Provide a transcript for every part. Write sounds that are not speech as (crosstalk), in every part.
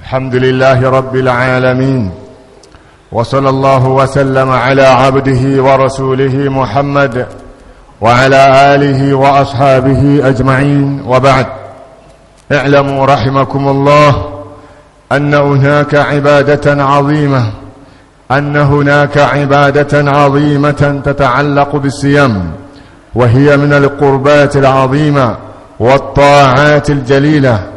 الحمد لله رب العالمين وصلى الله وسلم على عبده ورسوله محمد وعلى آله وأصحابه أجمعين وبعد اعلموا رحمكم الله أن هناك عبادة عظيمة أن هناك عبادة عظيمة تتعلق بالصيام وهي من القربات العظيمة والطاعات الجليلة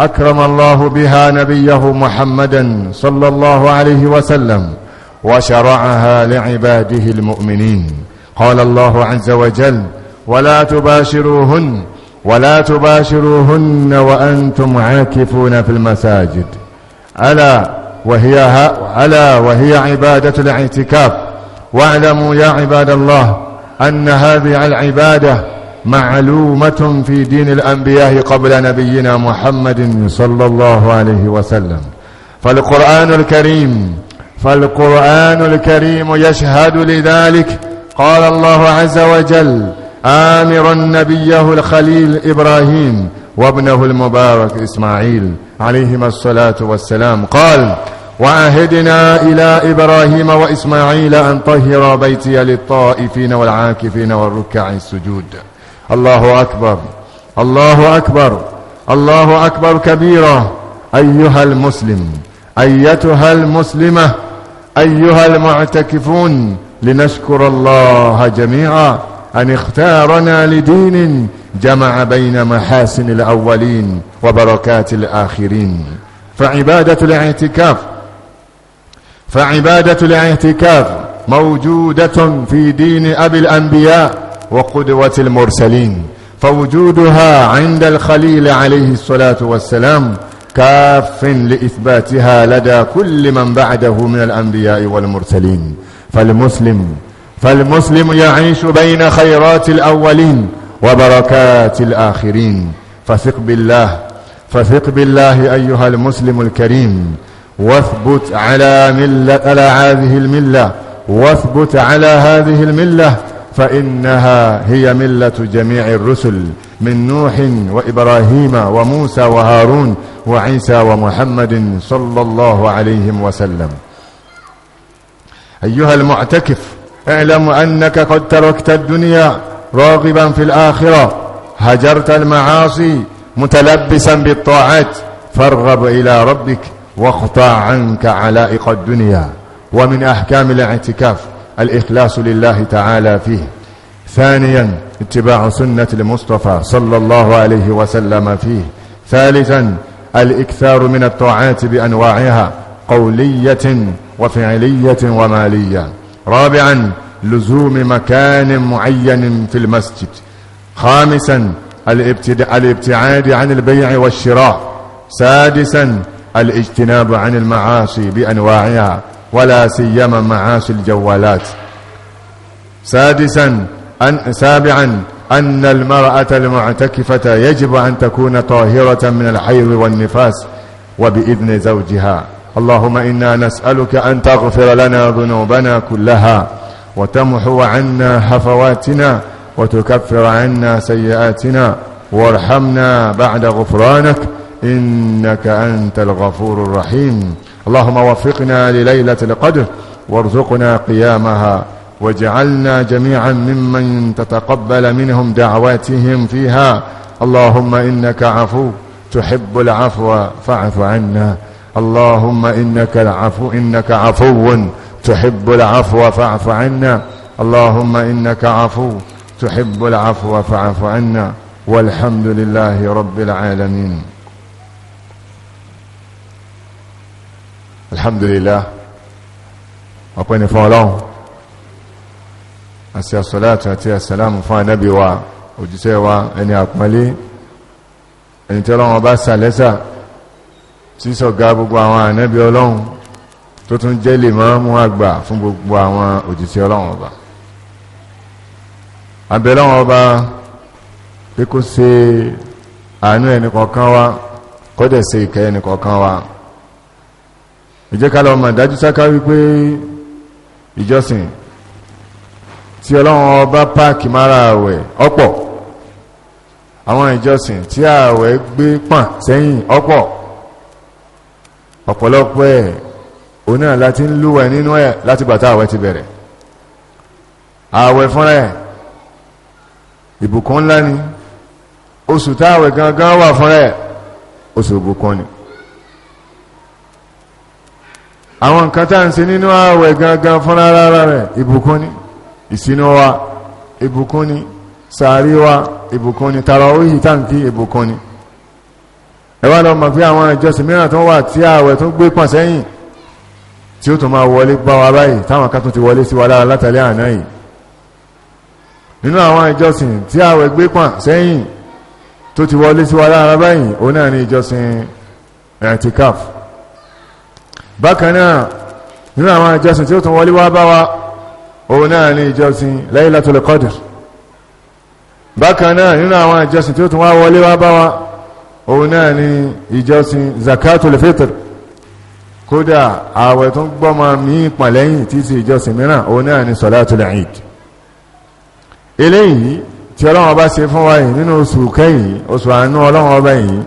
أكرم الله بها نبيه محمدا صلى الله عليه وسلم وشرعها لعباده المؤمنين قال الله عز وجل ولا تباشروهن ولا تباشروهن وأنتم عاكفون في المساجد ألا وهي, ألا وهي عبادة الاعتكاف واعلموا يا عباد الله أن هذه العبادة معلومة في دين الأنبياء قبل نبينا محمد صلى الله عليه وسلم فالقرآن الكريم فالقرآن الكريم يشهد لذلك قال الله عز وجل آمر نبيه الخليل إبراهيم وابنه المبارك إسماعيل عليهما الصلاة والسلام قال وعهدنا إلى إبراهيم وإسماعيل أن طهر بيتي للطائفين والعاكفين والركع السجود الله أكبر الله أكبر الله أكبر كبيرا أيها المسلم أيتها المسلمة أيها المعتكفون لنشكر الله جميعا أن اختارنا لدين جمع بين محاسن الأولين وبركات الآخرين فعبادة الاعتكاف فعبادة الاعتكاف موجودة في دين أبي الأنبياء وقدوة المرسلين فوجودها عند الخليل عليه الصلاة والسلام كاف لإثباتها لدى كل من بعده من الأنبياء والمرسلين فالمسلم فالمسلم يعيش بين خيرات الأولين وبركات الآخرين فثق بالله فثق بالله أيها المسلم الكريم واثبت على, ملة على هذه الملة واثبت على هذه الملة فإنها هي ملة جميع الرسل من نوح وإبراهيم وموسى وهارون وعيسى ومحمد صلى الله عليه وسلم أيها المعتكف اعلم أنك قد تركت الدنيا راغبا في الآخرة هجرت المعاصي متلبسا بالطاعات فارغب إلى ربك واقطع عنك علائق الدنيا ومن أحكام الاعتكاف الإخلاص لله تعالى فيه ثانيا اتباع سنة المصطفى صلى الله عليه وسلم فيه ثالثا الإكثار من الطاعات بأنواعها قولية وفعلية ومالية رابعا لزوم مكان معين في المسجد خامسا الابتعاد عن البيع والشراء سادسا الاجتناب عن المعاصي بأنواعها ولا سيما معاش الجوالات سادسا أن سابعا أن المرأة المعتكفة يجب أن تكون طاهرة من الحيض والنفاس وبإذن زوجها اللهم إنا نسألك أن تغفر لنا ذنوبنا كلها وتمحو عنا هفواتنا وتكفر عنا سيئاتنا وارحمنا بعد غفرانك إنك أنت الغفور الرحيم اللهم وفقنا لليلة القدر وارزقنا قيامها واجعلنا جميعا ممن تتقبل منهم دعواتهم فيها اللهم إنك عفو تحب العفو فاعف عنا اللهم إنك العفو إنك عفو تحب العفو فاعف عنا اللهم إنك عفو تحب العفو فاعف عنا والحمد لله رب العالمين alhamdulillah ọpẹ́ ni fún ọlọ́run àti àsọ̀láàtì àti àsàlámù fún ànábì wa òjíṣẹ́ wa ẹni àpọ́nlé ẹni tí ọlọ́run ọba sàlẹ́sà sísọ ga gbogbo àwọn ànábì ọlọ́run tó tún jẹ́ lè máa mú àgbà fún gbogbo àwọn òjíṣẹ́ ọlọ́run ọba abẹ́lọ́run ọba pé kó ṣe àánú ẹnì kọ̀ọ̀kan wa kọ́dẹ̀ ṣe ìkẹ́ ẹnì kọ̀ọ̀kan wa ìjẹ́ ká lọ mọ̀ dájú sáká wípé ìjọsìn tí ọlọ́run ọba páàkì mára àwẹ̀ ọ̀pọ̀ àwọn ìjọsìn tí àwẹ̀ gbé pọ̀n sẹ́yìn ọ̀pọ̀ ọ̀pọ̀lọpọ̀ ẹ̀ oná láti ń lúwẹ̀ nínú ẹ̀ láti bàtà àwẹ̀ ti bẹ̀rẹ̀ àwẹ̀ fúnra ẹ̀ ìbùkún ńlá ni oṣù táwẹ̀ gangan wà fúnra ẹ̀ oṣù ìbùkún ni àwọn nǹkan tá à ń ṣe nínú ààwẹ̀ gangan fúnra rárá rẹ̀ ìbùkún ni ìsinú wa ìbùkún ni sàárì wa ìbùkún ni tàràwíhì táǹkì ìbùkún ni ẹ wá lọ mọ̀ pé àwọn ìjọsìn mìíràn tó wà tí ààwẹ̀ tó gbé pọ̀n sẹ́yìn tí ó tó máa wọlé bá wa báyìí táwọn kan tó ti wọlé sí wa lára látàlẹ́ àná yìí nínú àwọn ìjọsìn tí ààwẹ̀ gbé pọ̀n sẹ́yìn tó ti wọlé sí wa lára báyìí òun náà ni ìjọsìn ẹ̀tìkáfù bákan náà nínú àwọn ìjọsìn tí ó tún wọlé wá bá wa òun náà ní ìjọsìn Laylatul Qadr bákan náà nínú àwọn ìjọsìn tí ó tún wá wọlé wá bá wa òun náà ní ìjọsìn zakatul fitr kódà ààwẹ̀ tó ń gbọ́mọ míì pọ̀n lẹ́yìn títí ìjọsìn mìíràn òun náà ní sọ̀látul eid eléyìí tí ọlọ́wọ́n bá ṣe fún wa yìí nínú oṣù kẹ́yìn oṣù àánú ọlọ́wọ́n ọba yìí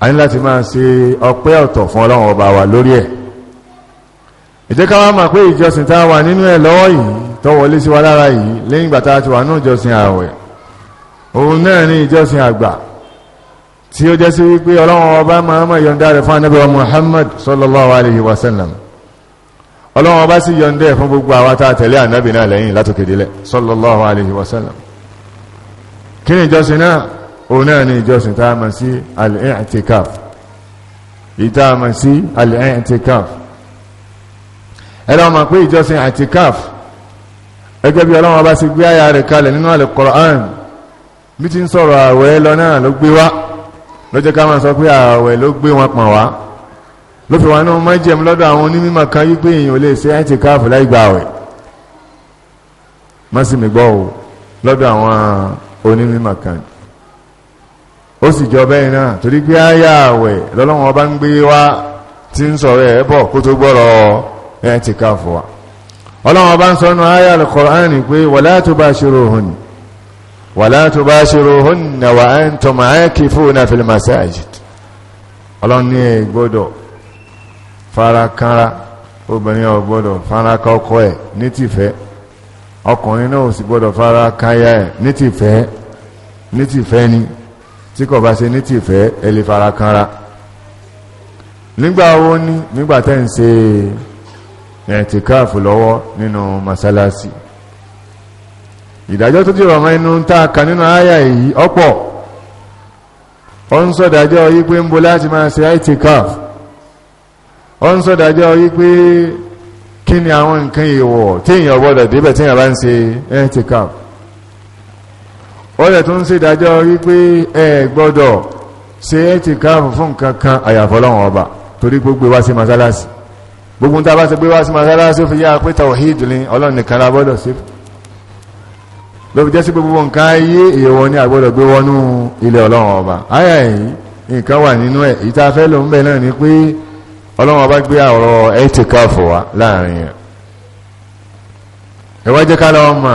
a ní láti máa ṣe ọpẹ́ ọ̀tọ̀ fún ọlọ́run ọba wa lórí ẹ̀ ìjẹ́ ká wá mọ̀ pé ìjọsìn tá a wà nínú ẹ̀ lọ́wọ́ yìí tó wọlé sí wa lára yìí lẹ́yìn ìgbà tá a ti wà ní ìjọsìn ààwẹ̀ òun náà ní ìjọsìn àgbà tí ó jẹ́ sí wípé ọlọ́run ọba máa mọ̀ yọ̀ǹda rẹ̀ fún anábẹ́wà Muhammad sallallahu alayhi wa sallam ọlọ́run ọba sì yọ̀ǹda ẹ̀ fún gbogbo àwa tá a tẹ̀lé ànábì náà lẹ́yìn látòkèdélẹ̀ sallallahu alayhi wa sallam kí ni ìjọsìn náà òun náà ni ìjọsìn tá a mọ̀ sí al-i'tikaf ìta a mọ̀ sí al-i'tikaf ẹ̀rọ ọmọ pé ìjọsìn i'tikaf ẹgẹ́ bí ọlọ́wọ́n bá ti gbé àyà rẹ̀ kalẹ̀ nínú al-Qur'an bí ti ń sọ̀rọ̀ àwẹ̀ lọ náà ló gbé wá lọ́jọ́ ká máa sọ pé àwẹ̀ ló gbé wọn pọ̀n wá ló fi wá náà mọ́jẹ̀m lọ́dọ̀ àwọn onímọ̀ kan yí èèyàn ò lè ṣe i'tikaf láì gba àwẹ̀ mọ́sí mi gbọ́ o lọ́dọ̀ àwọn onímọ̀ kan ó sì jọ bẹ́ẹ̀ náà torí pé àyà àwẹ̀ lọ́lọ́wọ́n ọba ń gbé wá tí ń sọ̀rọ̀ ẹ̀ bọ̀ kó tó gbọ́rọ̀ ẹ̀ ti ká fún wa ọlọ́wọ́n ọba ń sọ nù àyà al-Qur'an pé wala tubashiruhunna wala tubashiruhunna wa ní tìfẹ́ ni. tí kò bá ṣe ní tìfẹ́ ẹ lè fara kanra nígbà ní nígbà tẹ́ ń ẹ̀tìkáàfù lọ́wọ́ masalasi ìdájọ́ tó ti rọ̀ inú tá a kà nínú àyà èyí ọ̀pọ̀ ó ń sọ̀dájọ́ yí pé ń bo láti máa ọ ẹ̀tìkáàfù ó ń sọ̀dájọ́ yí pé kí ni àwọn nǹkan ìwọ̀ téèyàn gbọ́dọ̀ débẹ̀ bá ń ọ̀rẹ́ tó ń ṣe ìdájọ́ wípé ẹ gbọ́dọ̀ ṣe é ti káàrùn fún nǹkan kan àyàfọ́lọ́wọ̀n ọba torí gbogbo wá sí masalasi gbogbo tá a bá ti gbé wá sí masalasi ó fi yá pé tawhid ní ọlọ́run nìkan sí ló jẹ́ sí gbogbo nǹkan ayé èèwọ̀ ní àgbọ́dọ̀ gbé wọnú ilé ọlọ́run ọba ni pé ọlọ́run ọba gbé ọ̀rọ̀ ẹ̀ ti káàfọ̀ wá láàrin ẹ̀ ẹ̀wọ́n jẹ́ ká lọ́ọ́ mà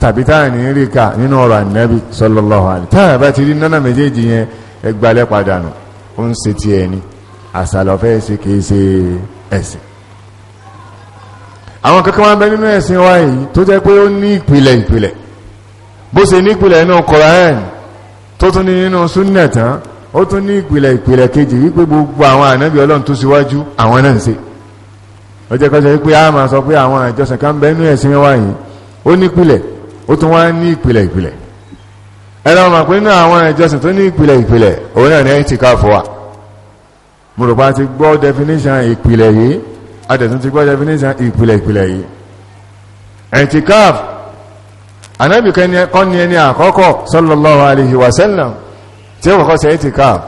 tàbí táà ní rí kà nínú ọ̀rọ̀ ànábì sallallahu alaihi táà bá ti rí nánà méjèèjì yẹn ẹgbàlẹ̀ padà nù ó ń ṣe ti ẹni àṣàlọ́fẹ́ ṣe kìí ṣe ẹ̀sìn àwọn kankan máa bẹ nínú ẹ̀sìn wa yìí tó jẹ́ pé ó ní ìpìlẹ̀ ìpìlẹ̀ bó ṣe ní ìpìlẹ̀ inú Kùránì tó tún ní nínú súnnà tán ó tún ní ìpìlẹ̀ ìpìlẹ̀ kejì wípé gbogbo àwọn ànábì ọlọ́run tó síwájú àwọn náà ń ṣe ó jẹ́ kọ́ṣẹ́ wípé a máa sọ pé àwọn àjọsìn kan bẹ nínú ẹ̀sìn wa yìí ó nípìlẹ̀ ó tún wá ní ìpìlẹ̀ ìpìlẹ̀ ẹ̀rọ ọmọ pé nínú àwọn ìjọsìn tó ní ìpìlẹ̀ ìpìlẹ̀ òun náà ní ìtìkáfù wa mo ti gbọ́ definition ìpìlẹ̀ yìí adẹ̀tún ti gbọ́ definition ìpìlẹ̀ ìpìlẹ̀ yìí ìtìkáfù anábì kan ní ẹni àkọ́kọ́ sallallahu alaihi wa sallam tí ó kọ́kọ́ ṣe ìtìkáfù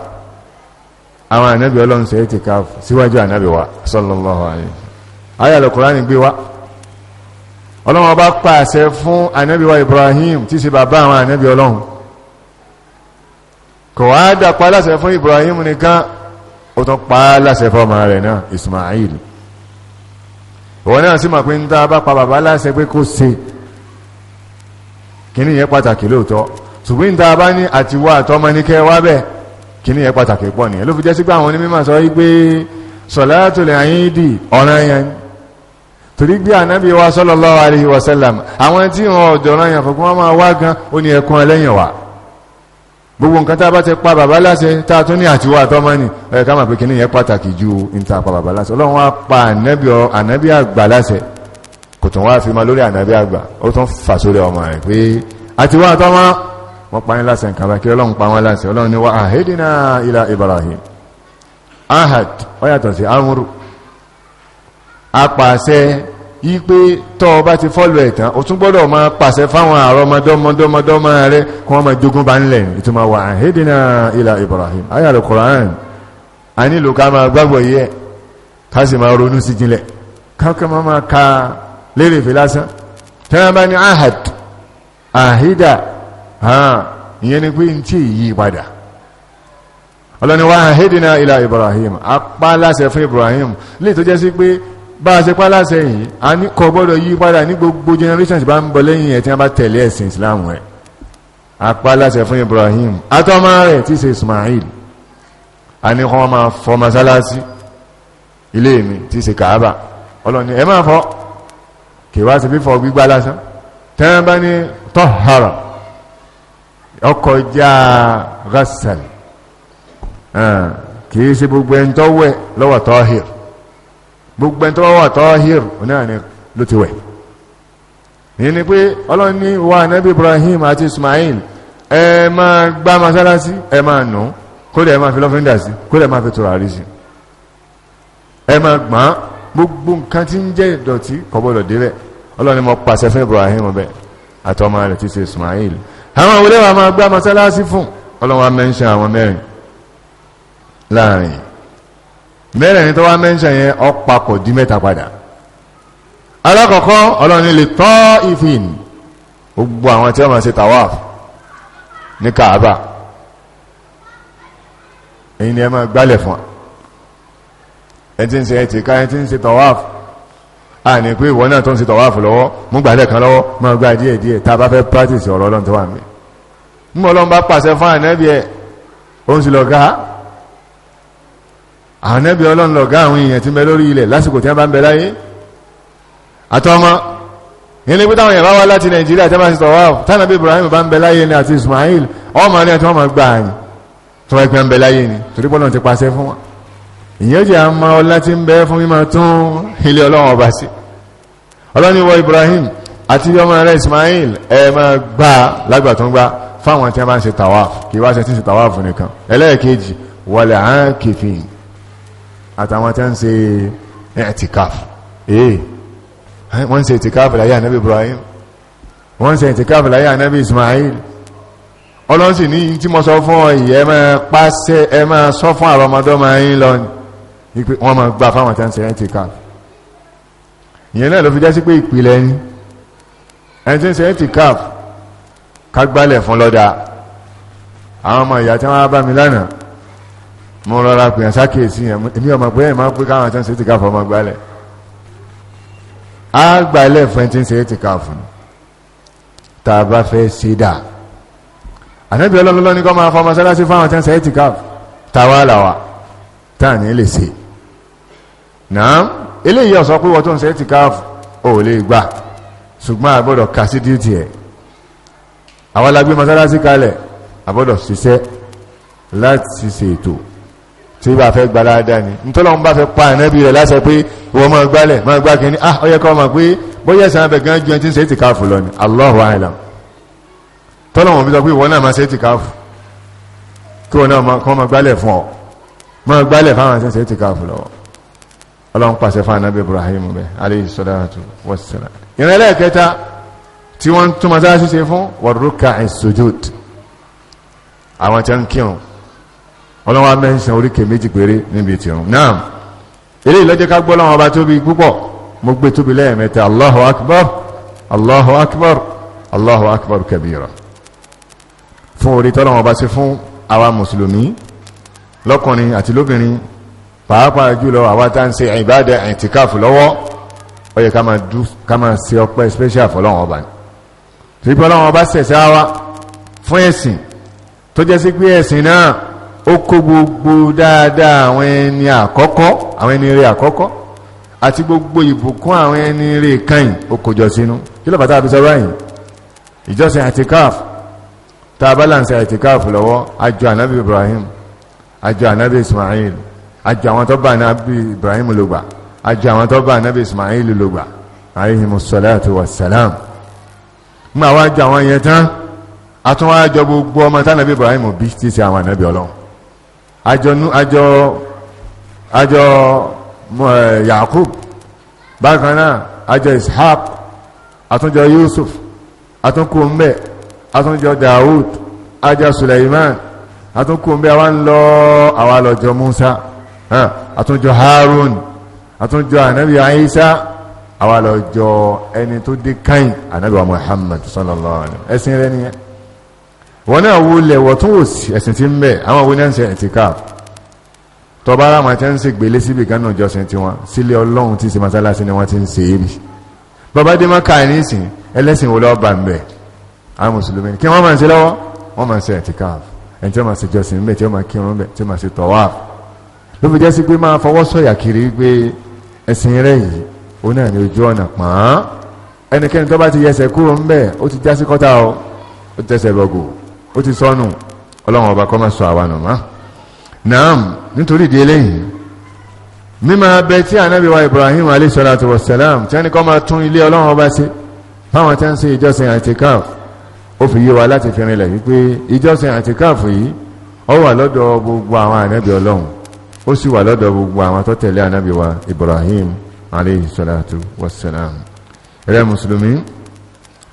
àwọn anábì ọlọ́run ṣe ìtìkáfù síwájú sallallahu alaihi ayàlùkùránì gbé wa ọlọ́run ọba pàṣẹ fún ànábíwá Ibrahim tí ṣe bàbá àwọn ànábí ọlọ́run kò wá dàpá láṣẹ fún Ibrahim nìkan ó tún pa láṣẹ fún ọmọ rẹ̀ náà Ismail òun náà sì mọ̀ pé ń tá bá pa bàbá láṣẹ pé kó ṣe kíní yẹn pàtàkì lóòótọ́ ṣùgbọ́n ń tá bá ní àtiwá àtọmọ ní kẹ́ wá bẹ́ẹ̀ kíní yẹn pàtàkì pọ̀ nìyẹn ló fi jẹ́ sí pé àwọn onímọ̀ sọ wípé sọ̀látùl Ìídì ọ̀ranyàn torí gbé ànábì wa sallallahu alaihi wasallam àwọn tí wọn ọ̀dọ̀rọ̀ yàn fún wọn máa wá gan ó ní ẹkùn ẹlẹ́yìn wa gbogbo nǹkan tá a bá ti pa bàbá láṣẹ tá a tún ní àtiwọ́ àtọ́mọ́ ni ẹ̀ ká máa pé kíní yẹn pàtàkì ju níta bàbá láṣẹ ọlọ́run pa ànábì àgbà láṣẹ kò tún wá fi ma lórí ànábì àgbà ó tún fà sórí ọmọ rẹ̀ pé àtiwọ́ àtọ́mọ́ wọ́n pa yín láṣẹ nǹkan bá kí ọlọ́run pa wọn láṣẹ ọlọ́run ni wa ahedina ila Ibrahim ahad ó sí amúrú apàṣẹ yí pé tọ́ ọba ti fọ́lọ̀ ẹ̀tàn o tún gbọ́dọ̀ máa pàṣẹ fáwọn àrọmọdọ́mọdọ́mọdọ́mọ rẹ kí wọ́n máa jogún bá ń ma ìtumọ̀ wà áhídínà ilà Ibrahim ayàlù Quran a nílò ká máa gbàgbọ́ yẹ ká sì máa ronú sí jinlẹ̀ káàkiri máa máa ka lérè fi lásán tẹ́lá bá ahad ìyẹn ni pé n tí yí padà ọlọ́ni wà ilà Ibrahim apá láṣẹ fún Ibrahim lè tó jẹ́ sí bá a ṣe pálásẹ̀ yìí a ní kò gbọ́dọ̀ yí padà ní gbogbo generations bá ń bọ̀ lẹ́yìn ẹ̀ tí wọ́n bá tẹ̀lé ẹ̀sìn Islam rẹ̀ apálásẹ̀ fún Ibrahim atọ́mọ rẹ̀ tí ṣe Ismail a ní kọ́ máa fọ́ masálásí ilé mi tí ṣe Kaaba ọlọ́ni ẹ máa fọ́ kì wá sí fífọ́ gbígbá lásán tẹ́wọ́n bá ní tọ́hárà ọkọ̀ já ghassan kì í ṣe gbogbo ẹni tọ́wẹ́ lọ́wọ́ tọ́hìrì gbogbo ẹni tó bá wà tọ́hìr náà ni ló ti wẹ̀ ní ni pé ọlọ́run ní wa Ibrahim àti Ismail ẹ máa gbá masalasi ẹ máa nù kódà ẹ máa fi lọ́fíńdà sí kódà ẹ máa fi tùràrí sí ẹ máa gbọ́n gbogbo nǹkan tí ń jẹ́ ìdọ̀tí Ibrahim rẹ̀ Ismail àwọn máa gbá masalasi fún ọlọ́run wa mẹ́ńṣẹ́ àwọn mẹ́rin láàrin mẹ́rẹ̀ẹ̀rin tó wá mẹ́ńṣẹ̀ yẹn ọ̀pàpọ̀ di mẹ́ta padà alákọ̀ọ́kọ́ ọlọ́run lè tọ́ ìfìn gbogbo àwọn tí wọ́n máa ṣe tawaf ní kaaba èyí ni ẹ máa gbálẹ̀ fún ẹ ti ń ṣe ẹtìká ẹ ti ń ṣe tawaf a ní pé ìwọ náà tó ń ṣe tawaf lọ́wọ́ mú gbálẹ̀ kan lọ́wọ́ máa gbá díẹ̀ díẹ̀ tá a bá fẹ́ practice ọ̀rọ̀ ọlọ́run tó wà mí mú ọlọ́run bá pàṣẹ fún ànẹ́bí ẹ̀ ó ń sì lọ àwọn nẹ́bí ọlọ́run lọ̀gá àwọn èèyàn ti ń bẹ lórí ilẹ̀ lásìkò tí wọ́n bá ń bẹ láyé àtọmọ ilé pé táwọn èèyàn wá láti nàìjíríà tí wọ́n bá ti tọ̀wá tánàbí ibrahim bá ń bẹ láyé ni àti ismail ọmọ ní àti wọ́n ni torí pọ́nà ti pàṣẹ fún wọn ìyẹn jẹ́ àmà ọlá tí ń ibrahim àti ọmọ rẹ̀ ismail ẹ máa gbà lágbà tó ń gbà fáwọn tí wọ́n bá ń ṣe tàwáfù kì í tí ń ṣe tàwáfù nìkan ẹlẹ́ẹ̀kejì wọlé àákèfìn àtàwọn tí wọ́n ń ṣe ẹ̀tìkáf ee eh. eh, wọ́n ń ẹ̀tìkáf láyé ànábì Ibrahim wọ́n ń ṣe ẹ̀tìkáf láyé ànábì Ismail ọlọ́run sì ní tí mo sọ fún ọ yìí ẹ máa pàṣẹ ẹ máa sọ fún àwọn ọmọdé ọmọ yín lọ ni pé wọ́n máa gbà fáwọn tí wọ́n ń ṣe ẹ̀tìkáf ìyẹn náà ló fi jásí pé ìpìlẹ̀ ẹni ẹni tí ń ṣe ẹ̀tìkáf kágbálẹ̀ fún lọ́dà àwọn ọmọ ìyá tí wọ́n bá mi lánàá mo rọra pèyàn sákèsí yẹn èmi ọmọ pé ẹ̀ máa pé káwọn tó ń ṣe ti káfọ́ ọmọ gbálẹ̀ á gbálẹ̀ fún ẹ ti ń ṣe ti káfọ́ tá a bá fẹ́ ṣe dà ànábì ọlọ́run lọ́ni kọ́ máa fọ mọ́sálásí fáwọn tó ń ṣe ti káfọ́ táwa làwà táà ní lè ṣe náà eléyìí ọ̀sọ́ pé wọ́n tó ń ṣe ti káfọ́ ò lè gbà ṣùgbọ́n àgbọ́dọ̀ kà sí díìtì ẹ̀ àwọn alágbé mọ́sálásí kalẹ̀ àgbọ́dọ̀ ṣiṣẹ́ láti ṣètò tí bá fẹ́ gbalada ni nítọ́lọ́wọ́n bá fẹ́ pa ànábì rẹ̀ láṣẹ pé wọ́n máa gbálẹ̀ máa gbá kìíní ah ọyẹ kọ́ ma pé bóyá ẹ̀sán abẹ gan ju ẹni tí ń ṣe ti káàfù lọ ni Allahu a'lam tọ́lọ́wọ́n bí sọ pé wọ́n náà máa ṣe ti káàfù kí wọ́n náà kọ́ máa gbálẹ̀ fún ọ máa gbálẹ̀ fáwọn ṣe ti káàfù lọ́wọ́ ọlọ́run pàṣẹ fún ànábì Ibrahim bẹ alayhi salatu wassalam ìrẹ́lẹ̀ kẹta tí wọ́n túmọ̀ sáà ṣiṣẹ́ fún wàrúkà ọlọ́wọ́ mẹ́sàn oríkè méjì péré níbi tìrún náà eré ìlọ́jẹ́ ká gbọ́ lọ́wọ́ ọba tóbi púpọ̀ mo gbé tóbi lẹ́ẹ̀mẹ́ta Allahu akbar Allahu akbar Allahu akbar kabira fún orí tọ́lọ́wọ́ ọba sí fún àwa mùsùlùmí lọ́kùnrin àti lóbìnrin pàápàá jùlọ àwa tá ń ṣe ìbádà ìtìkáfù lọ́wọ́ ó yẹ ká máa ṣe ọpẹ́ special fọlọ́wọ́ ọba ni tí pé ọlọ́wọ́ ọba ṣẹ̀ṣẹ̀ àwa fún ẹ̀sìn tó jẹ́ sí pé ẹ̀sìn náà ó kó gbogbo dáadáa àwọn ẹni àkọ́kọ́ àwọn ẹni rere àkọ́kọ́ àti gbogbo ìbùkún àwọn ẹni rere kẹ́yìn ó kójọ sínú kí lọ́pàá tàbí sọ báyìí ìjọsìn àtikáf tá a balance àtikáf lọ́wọ́ àjọ ànábì Ibrahim àjọ ànábì Ismail àjọ àwọn tó bá ànábì Ibrahim ló gbà àjọ àwọn tó bá ànábì Ismail ló gbà alayhimu wa salam mú àwọn àjọ àwọn yẹn tán àtúnwájọ gbogbo ọmọ tánàbí Ibrahim bí ti ṣe àwọn ànábì Ọlọ́run àjọ àjọ àjọ Yakub bákan náà àjọ Ishaq àtúnjọ Yusuf àtúnkùnbẹ àtúnjọ Dawud àjọ Suleiman àtúnkùnbẹ àwọn lọ àwọn lọjọ Musa àtúnjọ Harun àtúnjọ Anabi Isa àwọn lọjọ ẹni tó dé káyìn ànábì wa Muhammad sallallahu alaihi wasallam ẹsìn rẹ nìyẹn wọn náà wo lẹ̀wọ̀ tún wò sí ẹ̀sìn tí ń bẹ àwọn wo náà ń ṣe ẹ̀tìkáf tọba ara wọn ti ń ṣe gbélé síbi gánà ìjọsìn tiwọn sílé ọlọ́run tí ṣe masalasi ni wọ́n ti ń ṣe é bì bàbá dé mọ́ká ẹ̀ nísìn ẹlẹ́sìn wo lọ́ọ́ bá ń bẹ̀ àwọn mùsùlùmí kí wọ́n máa ń ṣe lọ́wọ́ wọ́n máa ń ṣe ẹ̀tìkáf ẹni tí wọ́n máa ṣe jọsìn bẹ́ẹ̀ tí wọ́n máa kírun bẹ́ẹ̀ tí wọ́n máa ṣe tọ́wáf ló fi jẹ́ sí pé máa fọwọ́ sọ̀yà kiri pé ẹ̀sìn rẹ̀ yìí ó náà ní ojú ọ̀nà pọ̀n ẹnikẹ́ni tó bá ti yẹsẹ̀ kúrò ń bẹ̀ ó ti já kọ́ta o ó ti tẹ̀sẹ̀ bọ̀gùn ó ti sọnù ọlọ́run ọba kọ́ máa sọ àwa nù naam nítorí ìdí eléyìí mímọ abẹ tí ànábì Ibrahim alayhi salatu wa salam tí wọ́n ní kọ́ máa tún ilé ọlọ́run ọba ṣe fáwọn tí wọ́n ń ṣe ìjọsìn àìtíkáf ó fi yé wa láti fi rinlẹ̀ wípé ìjọsìn àìtíkáf yìí ó wà lọ́dọ̀ gbogbo àwọn ànábì ọlọ́run ó sì wà lọ́dọ̀ gbogbo àwọn tó tẹ̀lé ànábì Ibrahim alayhi salatu wa salam rẹ mùsùlùmí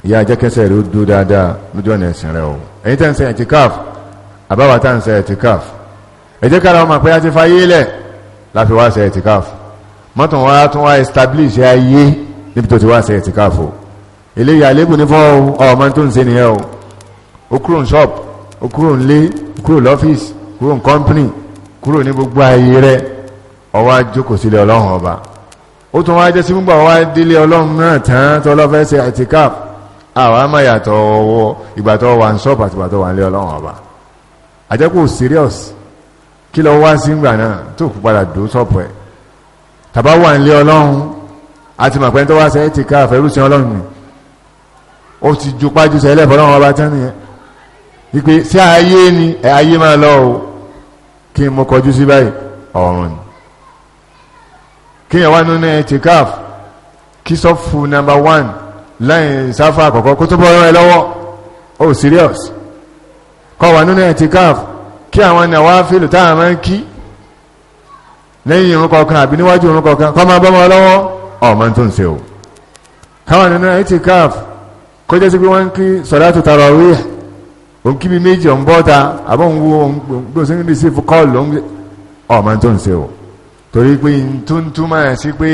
ìyá ajẹ́kẹsẹ̀ rẹ ẹ̀yin tẹ́ ń ṣe ẹ̀tìkáf àbáwá tá ń ṣe ẹ̀tìkáf ẹ̀jẹ̀ kára ọmọ pé a ti fayé lẹ̀ láfi wá ṣe ẹ̀tìkáf mọ́tò wa tún wá establish ayé níbi tó ti wá ṣe ẹ̀tìkáf o eléyìí àlébù ní fún ọmọ tó ń ṣe nìyẹn o ó kúrò ní ṣọ́ọ̀bù ó kúrò nílé ó kúrò lọ́fíìsì kúrò ní kọ́ńpìnì kúrò ní gbogbo ayé rẹ̀ ó wá jókòó ọlọ́run ọba ó tún wá jẹ́ sí gbogbo ọwá ọlọ́run náà tán tọ́lọ́fẹ́ ṣe ẹ̀tìkáf àwọn àmà yàtọ̀ ọwọ́ ìgbàtọ̀ wà ń sọ́ọ̀pù àti ìgbàtọ̀ wà ń lé ọlọ́run ọba àjẹ́kù serious kí lọ wá sí ìgbà náà tó kú padà dùn sọ́ọ̀pù ẹ̀ tàbá wà ń lé ọlọ́run àti màpẹ́ tó wá sẹ́yìn ti ká àfẹ́rùsìn ọlọ́run ni ó ti ju pájú sẹ́yìn lẹ́fọ́ ọlọ́run ọba tán nìyẹn wípé sí ayé ni ẹ̀ ayé máa lọ o kí n mo kọjú sí báyìí ọ̀run ni kí yẹn wá nínú ẹ̀ ti káf kí sọ́ọ̀fù number one lẹ́yìn sáfà àkọ́kọ́ kó tó bọ́rọ̀ ẹ lọ́wọ́ oh serious kọ́ wà nínú ẹ̀tìkáf kí àwọn nàwáfílù táà máa ń kí lẹ́yìn irun kọ̀ọ̀kan àbí níwájú irun kọ̀ọ̀kan kọ́ máa bọ́mọ lọ́wọ́ ọ̀mọ tó ń ṣe o káwọn nínú ẹ̀tìkáf kó jẹ́ sí pé wọ́n ń kí sọ̀dátù tarawih òun kí bí méjì òun bọ́ta àbọ̀ òun wo òun gbọ́sẹ̀ níbi sí fún kọ́ọ̀lù ọ̀mọ tó ń ṣe o torí pé tuntun máa sí pé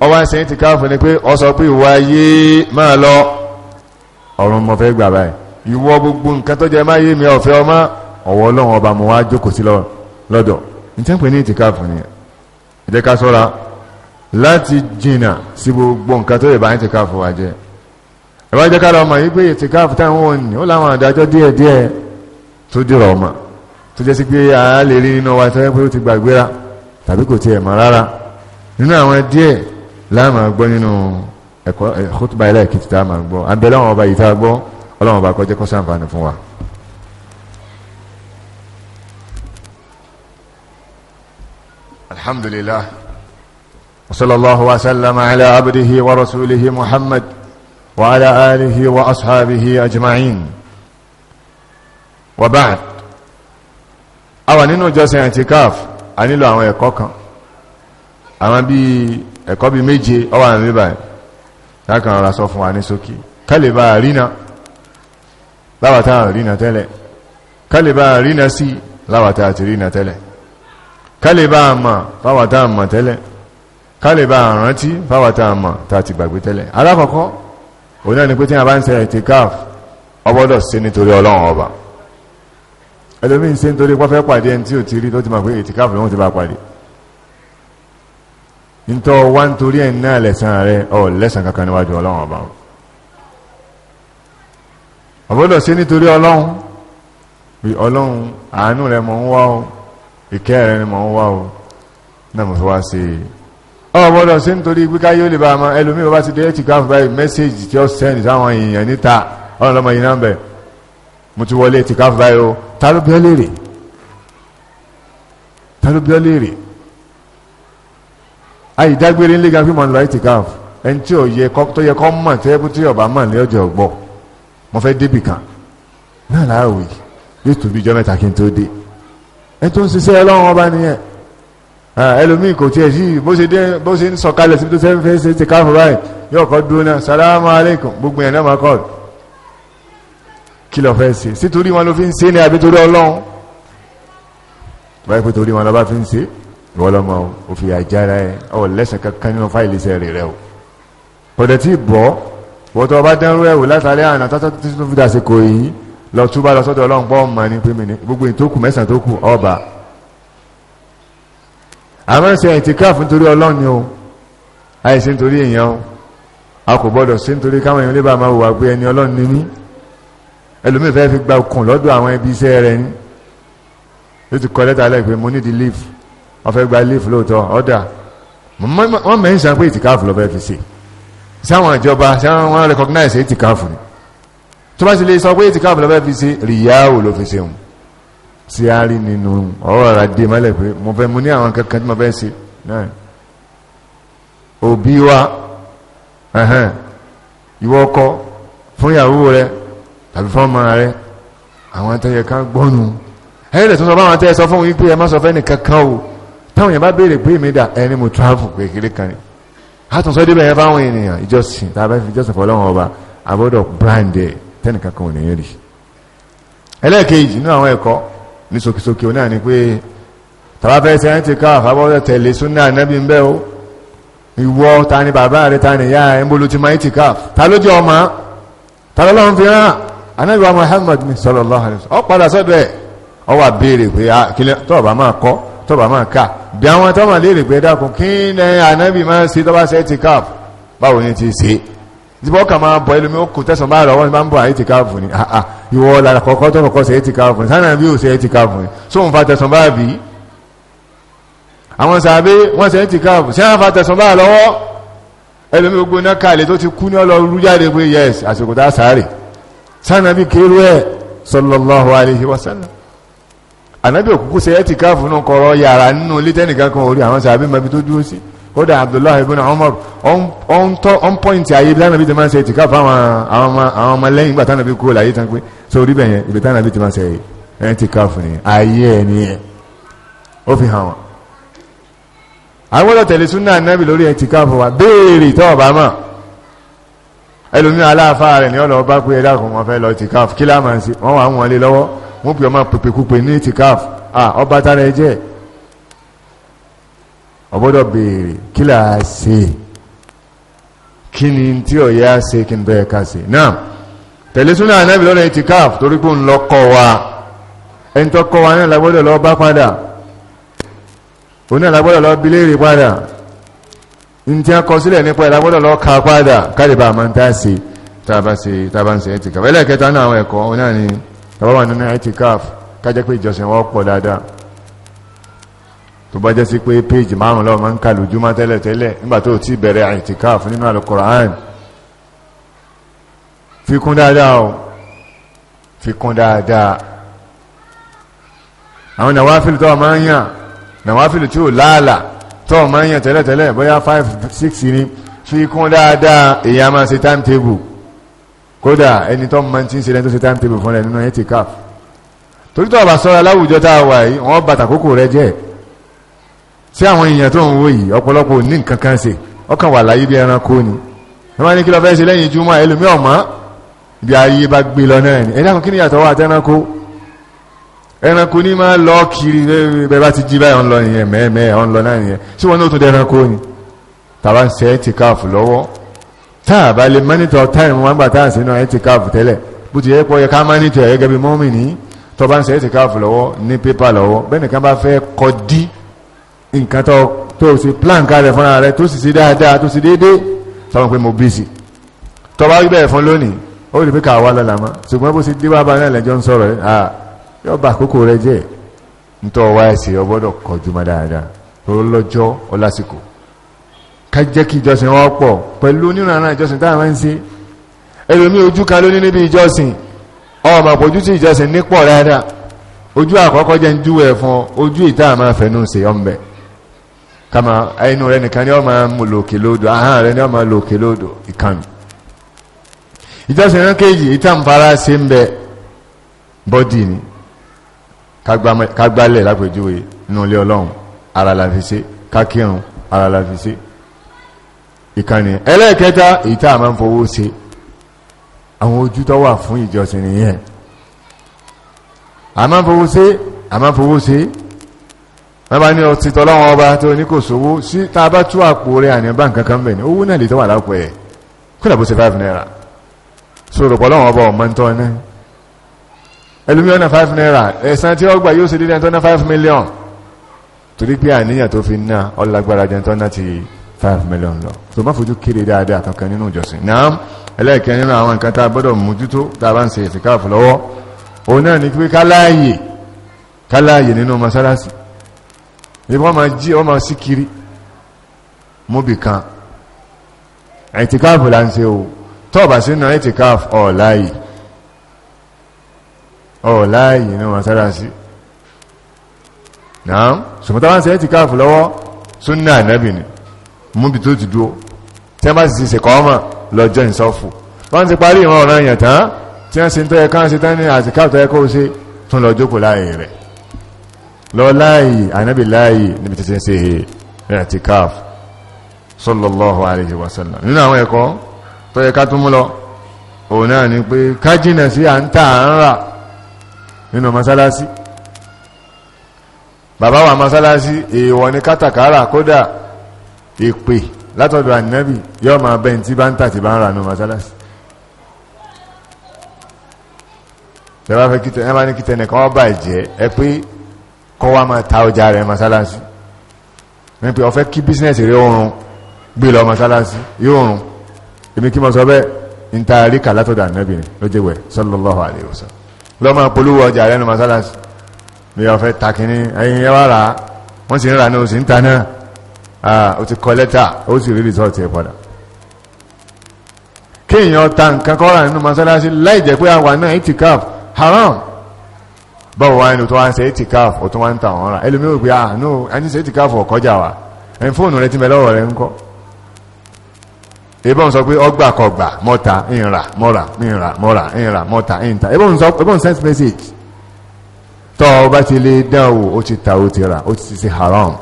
ọwá ṣe ti káàfù ni pé ọ sọ pé ìwà ayé máa lọ ọ̀run mo fẹ́ gbà báyìí ìwọ gbogbo nǹkan tó jẹ máa yé mi ọ̀fẹ́ ọmọ ọ̀wọ́ ọlọ́run ọba mo wá jókòó sí lọ́dọ̀ ìtẹ́pẹ́ ní ìtìkáàfù ni ìjẹ́ ká sọ́ra láti jìnà sí gbogbo nǹkan tó lè bá ìtìkáàfù wa jẹ́ ẹ̀wá jẹ́ ká lọ mọ̀ yí pé ìtìkáàfù táwọn ò ní ó láwọn àdájọ́ díẹ̀díẹ̀ tó dìrọ̀ ọmọ tó jẹ́ sí pé a lè rí nínú wa tẹ́lẹ̀ pé ó ti gbàgbéra tàbí kò tiẹ̀ mọ̀ rárá nínú àwọn díẹ̀ láàmà gbọ́ nínú ẹ̀kọ́ ẹ̀kútùbà ẹlẹ́ẹ̀kejì tá a máa gbọ́ abẹ́lẹ́ àwọn ọba yìí tá a gbọ́ ọlọ́run ọba kọjá kọ́ fún wa. alhamdulillah وصلى الله وسلم على عبده ورسوله محمد وعلى آله وأصحابه أجمعين وبعد àwọn nínú ìjọsìn àti káf a nílò àwọn ẹ̀kọ́ kan àwọn bíi ẹ̀kọ́ bíi méje ọwà àmì báyìí lákan ọ̀rọ̀ sọ fún wa ní sókè kálẹ̀ bá rína láwàtà rína tẹ́lẹ̀ kálẹ̀ bá rína sí láwàtà àti rína tẹ́lẹ̀ kálẹ̀ bá àmà fáwàtà àmà tẹ́lẹ̀ kálẹ̀ bá àrántí fáwàtà àmà tàti gbàgbé tẹ́lẹ̀ alákọ̀ọ́kọ́ òun náà ni pé tí a bá ń ṣe ìtìkáf ọgbọ́dọ̀ ṣe nítorí ọlọ́run ọba ẹlòmíín ṣe nítorí pọ́fẹ́ pàdé ẹni tí ò ti rí tó ti mọ̀ pé ìtìkáf lòun ti bá pàdé nítọ́ wá nítorí ẹ̀ náà lẹ̀sán rẹ ọ lẹ́sàn kankan níwájú ọlọ́run ọba ọ̀bọ̀dọ̀ sí nítorí ọlọ́run bí ọlọ́run àánú rẹ mọ̀ ń wá o ìkẹ́ rẹ ni mọ̀ ń wá o náà mo fi wá sí i ọ̀bọ̀dọ̀ sí nítorí píká yóò lè bá a mọ ẹlòmíì bá ti dé ti gáfù báyìí mẹ́sẹ̀gì tí ó sẹ́ndì sáwọn èèyàn níta ọlọ́mọ yìí náà bẹ̀ mo ti wọlé ti gáfù báyìí o ta ló bí ọ léèrè ta ló bí ọ léèrè àìdágbére ńlẹ́gà fí mọ̀ ń lọ itikaf ẹni tí ò yẹ kọ́ tó yẹ kọ́ mọ̀ tẹ́ẹ́bù tí ọ̀bá mọ̀ ní ọjọ́ ọgbọ́ mo fẹ́ débì kan náà láàwì yóò tó bí ijọ́ mẹ́ta kí n tó dé ẹ tó ń ṣiṣẹ́ ọlọ́run ọba nìyẹn ẹlòmíì kò tiẹ̀ sí bó ṣe dé bó ṣe ń sọ̀kalẹ̀ síbi tó fẹ́ fẹ́ ṣe itikaf báyìí yóò kọ́ dúró náà salamu aleykum gbogbo yẹn náà máa kọ́ kí lọ fẹ́ ṣe sítorí wọn ló fi ń ṣe ní àbí torí ọlọ́run báyìí pé torí wọn lọ fi ń ṣe ìwọlọ́mọ òfin àjára ẹ ọ lẹ́sẹ̀ kankan nínú fáìlì sẹ́ẹ̀rì rẹ o kọ̀dẹ̀ tí bọ́ wọ́tọ̀ ọba dánrú ẹ̀wò látàrí àná tọ́tọ́ títí tó fi dàsìkò yìí lọ túbá lọ sọ́dọ̀ ọlọ́run pọ́ ọmọ ní pínpín ní gbogbo ìtókù mẹ́sàn-án tó kù ọba àmọ́sẹ̀ ìtìkáàfù nítorí ọlọ́run ni o àìsí nítorí èèyàn o a kò gbọ́dọ̀ sí nítorí káwọn èèyàn lè máa wà pé ẹni ọlọ́run ni mí ẹlòmíì fẹ́ fi gba okùn lọ́dọ̀ àwọn ibi iṣẹ́ rẹ ní ló ti kọ́ lẹ́tà alẹ́ mo need leave ọ̀fẹ́ gba ilé fúlóòtọ́ ọ̀dà wọ́n mẹ́rin sàn pé ìtìkáàfù lọ́fẹ́ fi ṣe sáwọn ìjọba sáwọn wọn recognize ìtìkáàfù ni tó bá sì lè sọ pé ìtìkáàfù lọ́fẹ́ fi ṣe rìyáwó ló fi ṣe hùn sí àárín nínú ọ̀rọ̀ ara dé mọ́lẹ̀ pé mo fẹ́ mo ní àwọn kankan tí mo fẹ́ ṣe náà òbí wa ìwọ ọkọ fún ìyàwó rẹ tàbí fún ọmọ rẹ àwọn atẹ́yẹ kan gbọ́nu ẹ̀rẹ́ tó sọ báwọn atẹ́yẹ sọ fún wípé ẹ má sọ fẹ́ nìkan kan o táwọn èèyàn bá béèrè pé èmi dà ẹni mo travel pé kéré kan ni a tún sọ débẹ̀ yẹn fáwọn ènìyàn ìjọsìn tàbí ìjọsìn fọlọ́wọn ọba àbọ̀dọ̀ brand ẹ̀ tẹ́nìkan kan ò ní rí ẹlẹ́ẹ̀kejì nínú àwọn ẹ̀kọ́ ní sókèsókè náà ni pé tàbá fẹ́ ṣe ẹ̀ǹtì ká àfàbọ̀dọ̀ tẹ̀lé súnà ànábì ń bẹ́ o ìwọ ta ni bàbá rẹ ta ni ìyá rẹ ń bolo ti máa ẹ̀ǹtì ká ta ló jẹ́ ọmọ ta ló lọ́n fi hàn ànábì wa Muhammad sallallahu alaihi wasallam ọ padà sọ́dọ̀ ẹ̀ ọ wà béèrè pé ah, tó o bá máa kọ́ tọ́ba máa ká bí àwọn tọ́mà lè rè pé dákun kí ni ànábì máa ń ṣe tọ́ba ṣe ti káàpù báwo ni ti ṣe ìdìbò ọkà máa bọ̀ ẹlòmí ó kù tẹ̀sán bá lọ́wọ́ ní máa ń bọ̀ àyètì káàpù ni àà ah, ah, ìwọ ọ̀là kọ̀ọ̀kan tó kọ̀ọ̀kan ṣe àyètì káàpù ni sànà bí ó ṣe àyètì káàpù ni sóun fa tẹ̀sán bá bì í àwọn sàbẹ wọn ṣe àyètì káàpù sí àwọn fa tẹ̀sán bá lọ́wọ́ ẹlòmí gbogbo náà kàlẹ̀ tó ti kú ní ọlọ́rú a sáré sànà bí kéwẹ́ sallallahu alaihi wasallam ànábì òkúkú ṣe ẹ́tì káàfù nù kọ̀rọ̀ yàrá nínú ilé tẹ́nìkan kan orí àwọn sàbí mẹ́bi tó dúró sí kódà abdullahi ibn umar on point ayé bí tánàbí ti máa ń ṣe ìtìkáfù àwọn ọmọ lẹ́yìn ìgbà tánàbí kúrò láyé tán pé so orí bẹ̀yẹn ibi tánàbí ti máa ṣe ìtìkáfù ni ayé ẹ̀ ni ẹ̀ ó fi hàn wọn. àwọn ọ̀dọ̀ tẹ̀lé súnà nábì lórí ìtìkáfù wa béèrè tọ́ ọ̀bá mọ̀ ẹlòmíràn aláàfáà rẹ̀ ni ọlọ́ọ̀bá pé ẹ dákun wọn fẹ́ wọ́n pè ọmọ pèpèkúpè ní itikaf ọba tára ẹ jẹ́ ọgbọ́dọ̀ béèrè kí là á ṣe kí ni tí ọ̀yẹ́ á ṣe kí n tọ́ ẹ̀ka ṣe náà tẹ̀lé súnà ànábì lọ́nà itikaf torí pé ń lọ kọ́ wa ẹni tó kọ́ wa náà lágbọ́dọ̀ lọ bá padà òun náà lágbọ́dọ̀ lọ bí léèrè padà ní tí nípa ẹ̀ lágbọ́dọ̀ lọ ka padà káàdì bá a máa ń tá a ṣe tá a bá ṣe ń ṣe itikaf ẹlẹ́kẹta náà àwọn ẹ̀kọ́ náà ni tàbá wà nínú itikaf kájẹ́ pé ìjọsìn wọ́n pọ̀ dáadáa tó bá jẹ́ sí pé péjì márùn lọ́wọ́ máa ń kà lójúmọ́ tẹ́lẹ̀ tẹ́lẹ̀ nígbà tó ti bẹ̀rẹ̀ itikaf nínú alukoran fi kún dáadáa o fi kún dáadáa àwọn nàwáfíìlì tó máa ń yàn nàwáfíìlì tí ò láàlà tó máa ń yàn tẹ́lẹ̀ fi kún dáadáa èyí kódà ẹni tó máa ti ń ṣe lẹ́ni tó ṣe time table fún rẹ̀ nínú etí cap torí tó ọba sọ́ra láwùjọ tá a wà yìí wọ́n bàtà kókò rẹ jẹ́ sí àwọn èèyàn tó ń wò yìí ọ̀pọ̀lọpọ̀ ní nǹkan kan ṣe ọkàn wà láyé bí ẹranko ni ẹ máa ní kí lọ fẹ́ ṣe lẹ́yìn júmọ́ ẹlòmíì ọ̀mọ́ ibi ayé bá gbé lọ náà ni ẹ̀dá kan kí ni ìyàtọ̀ wà àtẹ́ranko ẹranko ní máa lọ kiri bẹ́ẹ̀ bá ti jí báyìí ọ̀n nìyẹn mẹ́ẹ̀mẹ́ẹ̀ ọ̀n náà nìyẹn ṣé wọn ní ó tún dẹ ẹranko ni tàbá ń ṣe é ti lọ́wọ́ tá a bá lè mọ́nítọ̀ táìmù wọn gbà táà sínú ẹ̀tìkáàfù tẹ́lẹ̀ bó ti yẹ pọ̀ yẹ ká mọ́nítọ̀ ẹ̀ gẹ́gẹ́ bí mọ́mì ní tó bá ń ṣe ẹ̀tìkáàfù lọ́wọ́ ní pépà lọ́wọ́ bẹ́ẹ̀ kan bá fẹ́ kọ dí nǹkan tó tó ṣe plan kalẹ̀ fúnra rẹ̀ tó sì ṣe dáadáa tó sì déédé sọmọ pé mo bí sí tó bá rí bẹ́ẹ̀ fún lónìí ó rí pé ká wá lọ́la mọ́ ṣùgbọ́n bó ṣe dé bá báyìí lẹ́jọ́ ń sọ̀rọ̀ ká jẹ́ kí ìjọsìn wọn pọ̀ pẹ̀lú onírànà ìjọsìn táwọn máa ń ṣe ẹlòmí ojú kan ló ní níbi ìjọsìn ọmọ àpòjú sí ìjọsìn nípọ̀ dáadáa ojú àkọ́kọ́ jẹ́ ń júwẹ̀ fún ojú ìta máa fẹ̀nú ṣe ọmọbẹ kama ẹnu rẹ nìkan ni ọmọ lòkè lódò ahọ́n rẹ ni ọmọ lòkè lódò ìkànnì ìjọsìn rẹ kéjì ìta ń fara ṣe ń bẹ bọ́dì ni kágbálẹ̀ lápèjúwe nínú ọlọ́run ara la fi ṣe kákírun ara la fi ṣe ìkànnì ẹlẹ́ẹ̀kẹta èyí tá a máa ń fowó ṣe àwọn ojú tó wà fún ìjọsìn nìyẹn a máa ń fowó ṣe a máa ń fowó ṣe wọ́n bá ní ọtí tọ́lọ́wọ́n ọba tó ní kò sówó sí tá a bá tú àpò rẹ̀ àní bá nǹkan kan bẹ̀ ní owó náà lè tó wà lápò ẹ̀ kó lè bó ṣe five naira sọ̀rọ̀ pọ̀lọ́wọ́n ọba ọ̀mọ́ ń ní ẹlòmí ọ̀nà five naira ẹ̀sán tí ọgbà yóò ṣe dídẹ́ ń ná five million torí pé àníyàn tó fi ná ọlágbára jẹ́ ń tọ́ ná ti five million lọ so má fojú kéré dáadáa kankan nínú ìjọsìn náà ẹlẹ́ẹ̀kẹ́ nínú àwọn nǹkan tá a gbọ́dọ̀ mójútó tá a bá ń ṣe ìsìnkáàfù lọ́wọ́ òun náà ni pé káláàyè káláàyè nínú mọ́sálásì ibi wọ́n máa jí wọ́n máa sí kiri múbi kan ẹ̀tìkáàfù là ń ṣe o tọ́ọ̀bà sínú ẹ̀tìkáàfù ọ̀láyè ọ̀láyè nínú mọ́sálásì náà sùmọ́tà wá ń ṣe ẹ̀tìkáàfù lọ́wọ́ súnnà ànábì mú bí tó ti dúró tí wọ́n bá sì ti ṣe kọ́ọ́mà lọ́jọ́ ìsọ́fù wọ́n ti parí ìran ọ̀ràn yàn tán tí wọ́n ṣe ń tọ́yẹ káwọn ṣe tán ní àsìkáà tọ́yẹ kó ṣe tún lọ jókòó láàyè rẹ̀ lọ sallallahu alayhi wa sallam nínú àwọn ẹ̀kọ́ tọ́yẹ ká tún mú lọ òun náà ni pé kájínà sí à ń tà à bàbá wa mọ́sálásí èèwọ̀ ni kátàkárà kódà èpè látọ̀dọ̀ ànábì yóò máa bẹ́ẹ̀ tí bá ń tà tí bá ń rà nù mọ́sálásí tẹ́wà fẹ́ kí tẹ́wà bá ní kí tẹ́nì kan bá jẹ́ ẹ pé kọ́ wá máa ta ọjà rẹ̀ mọ́sálásí ní pé ọ̀fẹ́ kí bísínẹ̀sì rẹ̀ oorun gbé lọ mọ́sálásí yóò rùn èmi kí mo sọ bẹ́ẹ̀ ń ta ríkà látọ̀dọ̀ ànábì ni ló jẹ́ wẹ̀ sallallahu alaihi wasallam lọ́ máa polówó ọjà rẹ̀ nù mọ́sálásí bí ọ̀fẹ́ takiní ẹ̀yin ẹ wá rà wọ́n sì ń rà náà ó ń ta náà Ah, o ti kọ lẹ́tà o sì rí rìsọ́ọ̀tì ẹ̀ padà kéèyàn ta nǹkan kọ́ra nínú masalasi láì jẹ́ pé àwa náà itikaf haram báwo wá ní tó wá ń ṣe itikaf ó tó wá ń ta wọn ra ẹlòmí ò pé à ah, no ẹni ṣe itikaf ọ̀kọ́jà wa ẹni fóònù rẹ ti mẹ lọ́wọ́ rẹ ń kọ́ ìbọn sọ pé ọgbà kọgbà mọ́ta ìrà mọ́ra ìrà mọ́ra ìrà mọ́ta ìta ìbọn send message tọ́ ọ bá ti lè dán o ti ta ó ti ra ó ti ṣe haram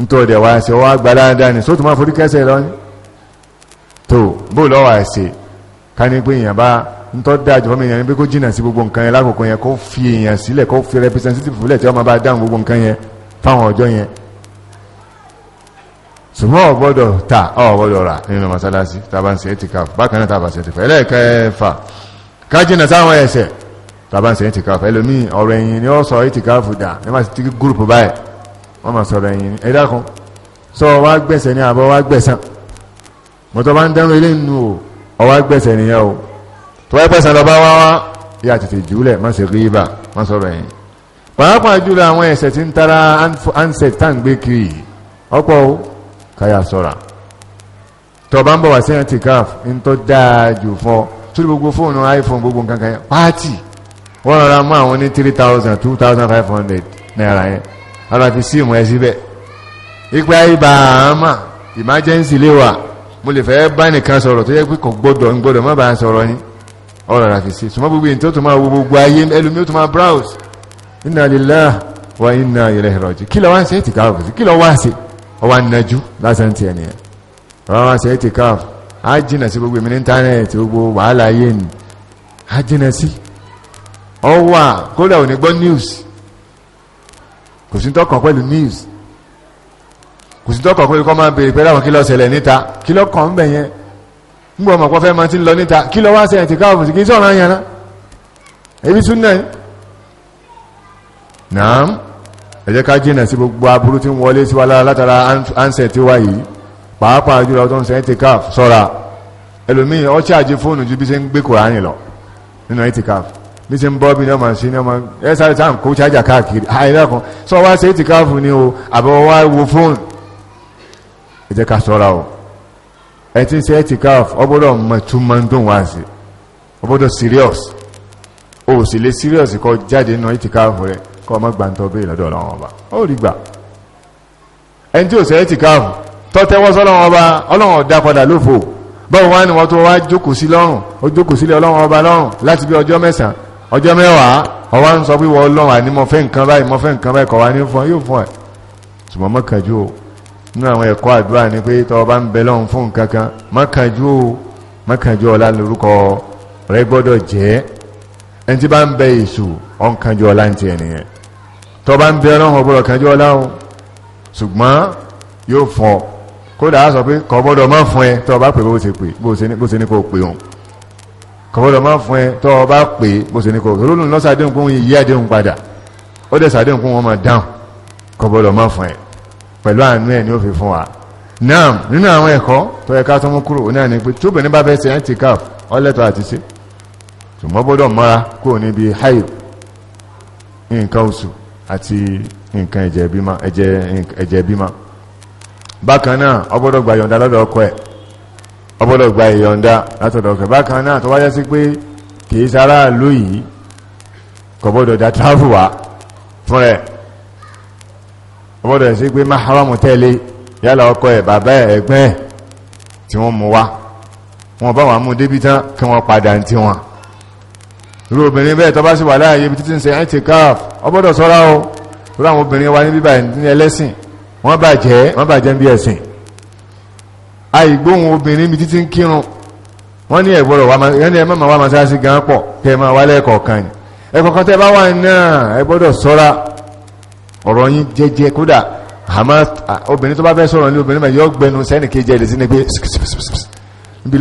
nítorí ọ̀dẹ̀ wa ṣe wá gba dáadáa ní sótùmọ́ forí kẹsẹ̀ lọ ní tó bó lọ́wọ́ àṣẹ ká ní pé èèyàn bá ń tọ́ dáa jù fọ́mọ èèyàn ní pé kó jìnà sí gbogbo nǹkan yẹn lákòókò yẹn kó fi èèyàn sílẹ̀ kó fi representative fúlẹ̀ tí wọ́n máa bá dáhùn gbogbo nǹkan yẹn fáwọn ọjọ́ yẹn masalasi tàbá ń ṣe etikaf bákan náà tàbá ṣe etikaf ẹlẹ́ẹ̀kẹfà kájínà sáwọn ẹ̀ṣẹ̀ tàbá ni ó sọ etikaf dà nígbà wọ́n máa sọ̀rọ̀ ẹ̀yìn ẹ dákun sọ wá gbẹ̀sẹ̀ ní àbọ̀ wá gbẹ̀sán mọ̀tọ́ bá ń dẹ́nu ilé nù ọ wá gbẹ̀sẹ̀ nìyẹn o tó wá gbẹ̀sẹ̀ lọ bá wá wá yà tètè jùlẹ̀ má ṣe rí ibà má sọ̀rọ̀ ẹ̀yìn pàápàá jùlọ àwọn ẹ̀sẹ̀ tí ń tara handset tá ń gbé kiri ọ̀pọ̀ o káyà sọ̀ra tó bá ń bọ̀ wá sí ẹ̀ǹtì káf ń dáa jù fún ọ gbogbo fóònù iphone gbogbo nǹkan kan yẹn pààtì wọ́n rọra mú àwọn ní three thousand two thousand five hundred náírà yẹn ọ̀rọ̀ ti sí ìmọ̀ ẹ síbẹ̀ ipa ibà àmà emergency lè wà mo lè fẹ́ bá nìkan sọ̀rọ̀ tó yẹ pé kò gbọ́dọ̀ ń gbọ́dọ̀ má bá sọ̀rọ̀ ni ọ̀rọ̀ rà fi sí ṣùgbọ́n gbogbo ìyẹn tó máa wo gbogbo ayé ẹlòmí tó máa browse inna lillahi wa inna ilaihi raji'un kí lọ wá ń ṣe ìtìkáàfù sí kí lọ wá ṣe ọwá nájú lásán ti ẹni ẹ ọwá wá ṣe ìtìkáàfù á jìnà sí news kò sí tọkàn pẹ̀lú news kò sí tọkàn pẹ̀lú kọ́ máa béèrè pẹ̀lú àwọn kílọ̀ ṣẹlẹ̀ níta kílọ̀ kàn ń bẹ̀ yẹn ń gbọ́ ọmọ pọ́fẹ́ máa ti ń lọ níta kílọ̀ wá sẹ́yìn tí káwọ̀ kì í sọ̀rọ̀ yẹn ná ebi tún náà náà ẹ ká jìnà sí gbogbo aburú tí ń wọlé sí wa lára látara ansẹ̀ tí wá yìí pàápàá jùlọ tó ń sẹ́yìn tí káwọ̀ sọ́ra ẹlòmíì ọ́ ṣáàjì fóònù ju bí ṣe ń gbé kòránì lọ nínú itikaf ní ti ń bọ́ bí ní ọmọ sí ní ọmọ ẹ sáré tá à ń kó chájà káàkiri (laughs) àìlẹ́ kan sọ wá ṣe é ti káàfù ni o àbọ̀ wá wo fóònù ẹ jẹ́ ká sọ́ra o ẹ ti ń ṣe é ti káàfù ọgbọ́dọ̀ mọ̀ tún máa ń dùn wá sí ọgbọ́dọ̀ serious o sì lè serious kọ jáde nínú ẹ ti káàfù rẹ kọ ọmọ gbàǹtọ́ bẹ́ẹ̀ lọ́dọ̀ ọlọ́run ọba ó rí gbà ẹni tí ò ṣe é ti káàfù tọ́tẹ́wọ́ sọ́lọ́run ọba ọlọ́run ọ̀dà padà lófo báwo wá ni wọ́n ọba lọ́rùn láti ọjọ́ mẹ́wàá ọwá ń sọ pé wọ́n lọ́wọ́ àní mo fẹ́ nǹkan báyìí mo fẹ́ nǹkan báyìí kọ̀ wá ní fún ọ yóò fún ẹ ṣùgbọ́n má o nínú àwọn ẹ̀kọ́ àdúrà ni pé tọ́ ọba ń bẹ lọ́hùn fún nǹkan kan má kánjú o má kánjú ọlá lórúkọ rẹ gbọ́dọ̀ jẹ́ ẹni tí bá ń bẹ èṣù ọ̀ ń kánjú ọlá ń tiẹ̀ nìyẹn tọ́ ọba ń bẹ lọ́hùn ọgbọ́dọ̀ kánjú ọlá o ṣùgbọ́n yóò fún ọ kódà á sọ pé kò gbọ́dọ̀ má fún ẹ tọ́ ọba pè bó ṣe pè bó ṣe ní kò pè òun kọ̀wọ́dọ̀ máa fún ẹ tọ́ ọ bá pè é bó ṣe ní kò rólùn lọ́sàdéhùn pé wọ́n yí àdéhùn padà ó dẹ̀ sàdéhùn pé wọ́n máa dáhùn kọ̀wọ́dọ̀ máa fún ẹ pẹ̀lú àánú ẹ̀ ni ó fi fún wa náà nínú àwọn ẹ̀kọ́ tó ẹ̀ka tó mú kúrò náà ni pé tóbìnrin bá fẹ́ ṣe ẹ̀ ń ti káf ọlẹ́tọ̀ àti ṣe ṣùgbọ́n gbọ́dọ̀ mọ́ra kúrò níbi hayo nǹkan oṣù àti nǹkan ẹ̀jẹ̀ bímọ bákan náà ó gbọ́dọ̀ lọ́dọ̀ ọkọ ẹ̀ ọgbọ́dọ̀ gba ìyọ̀ǹda látọ̀dọ̀ ọ̀kẹ́ bákan náà tó wáyé sí pé kìí sára ìlú yìí kọ̀bọ́dọ̀ dá tráfù wá fún rẹ̀ ọgbọ́dọ̀ sí pé maharamu tẹ́lẹ̀ yálà ọkọ ẹ̀ bàbá ẹ̀ ẹ̀gbẹ́ ẹ̀ tí wọ́n mú wá wọn bá wọn mú débi tán kí wọ́n padà ń tí wọn irú obìnrin bẹ́ẹ̀ tó bá sì wà láàyè ibi títí ń ṣe àìgbóhùn obìnrin mi títí ń kírun wọ́n ní ẹ̀gbọ́rọ̀ wọ́n ní ẹ̀mọ́mọ́ wà mọ́sáàsì gan pọ̀ kẹ́ ẹ máa lẹ́ẹ̀kọ̀ọ̀kan ni ẹ̀kọ̀ọ̀kan tẹ́ bá wà náà ẹ gbọ́dọ̀ sọ́ra ọ̀rọ̀ yín jẹ́jẹ́ kódà obìnrin tó bá fẹ́ sọ̀rọ̀ ní obìnrin mẹ́ gbẹnu sẹ́nì kejì ẹ̀dẹ̀ sí ni pé níbi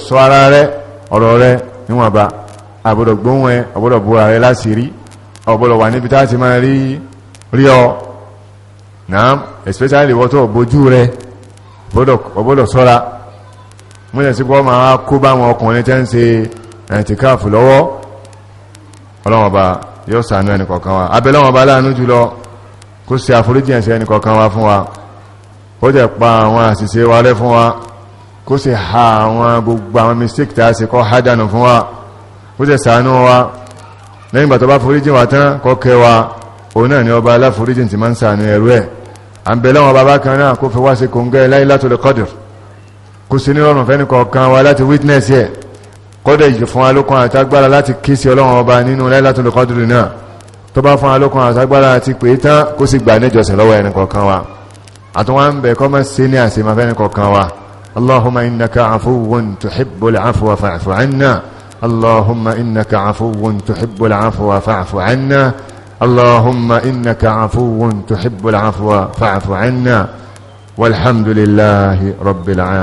sọ ara ẹ ọ̀bọ̀lọ̀ wà níbi táti máa rí rí ọ náà especially wọ́tọ̀ bójú rẹ ọ̀bọ̀lọ̀ sọ́ra múlẹ̀ sí pọ́ máa kó bá wọn ọkùnrin tẹ́ ń ṣe ẹ̀tìkáàfù lọ́wọ́ ọlọ́wọ́ba yóò sànú ẹnìkọ̀kan wa abẹ́lọ́wọ́ba láàánú jùlọ kó ṣe àforíjì ẹ̀ṣẹ̀ wa fún wa ó jẹ́ pa wa rẹ́ fún ha àwọn gbogbo mistake tá a ṣe kọ́ hádànù fún wa wa lẹ́yìn bàtọ̀ bá foríjìn wà tán kọ́kẹ́ wa òun náà ni ọba aláforíjìn ti máa ń sàánú ẹrú ẹ̀ àǹbẹ̀lẹ́ wọn bàbá kan náà kó fi wá sí kòǹgẹ́ Laylatul Qadr kò sí ní rọrùn fẹ́ni kọ̀ọ̀kan wa láti witness ẹ̀ kọ́dọ̀ ìjì fún alókan àtagbára láti ké sí ọlọ́run ọba nínú اللهم إنك عفو تحب العفو فاعف عنا اللهم إنك عفو تحب العفو فاعف عنا والحمد لله رب العالمين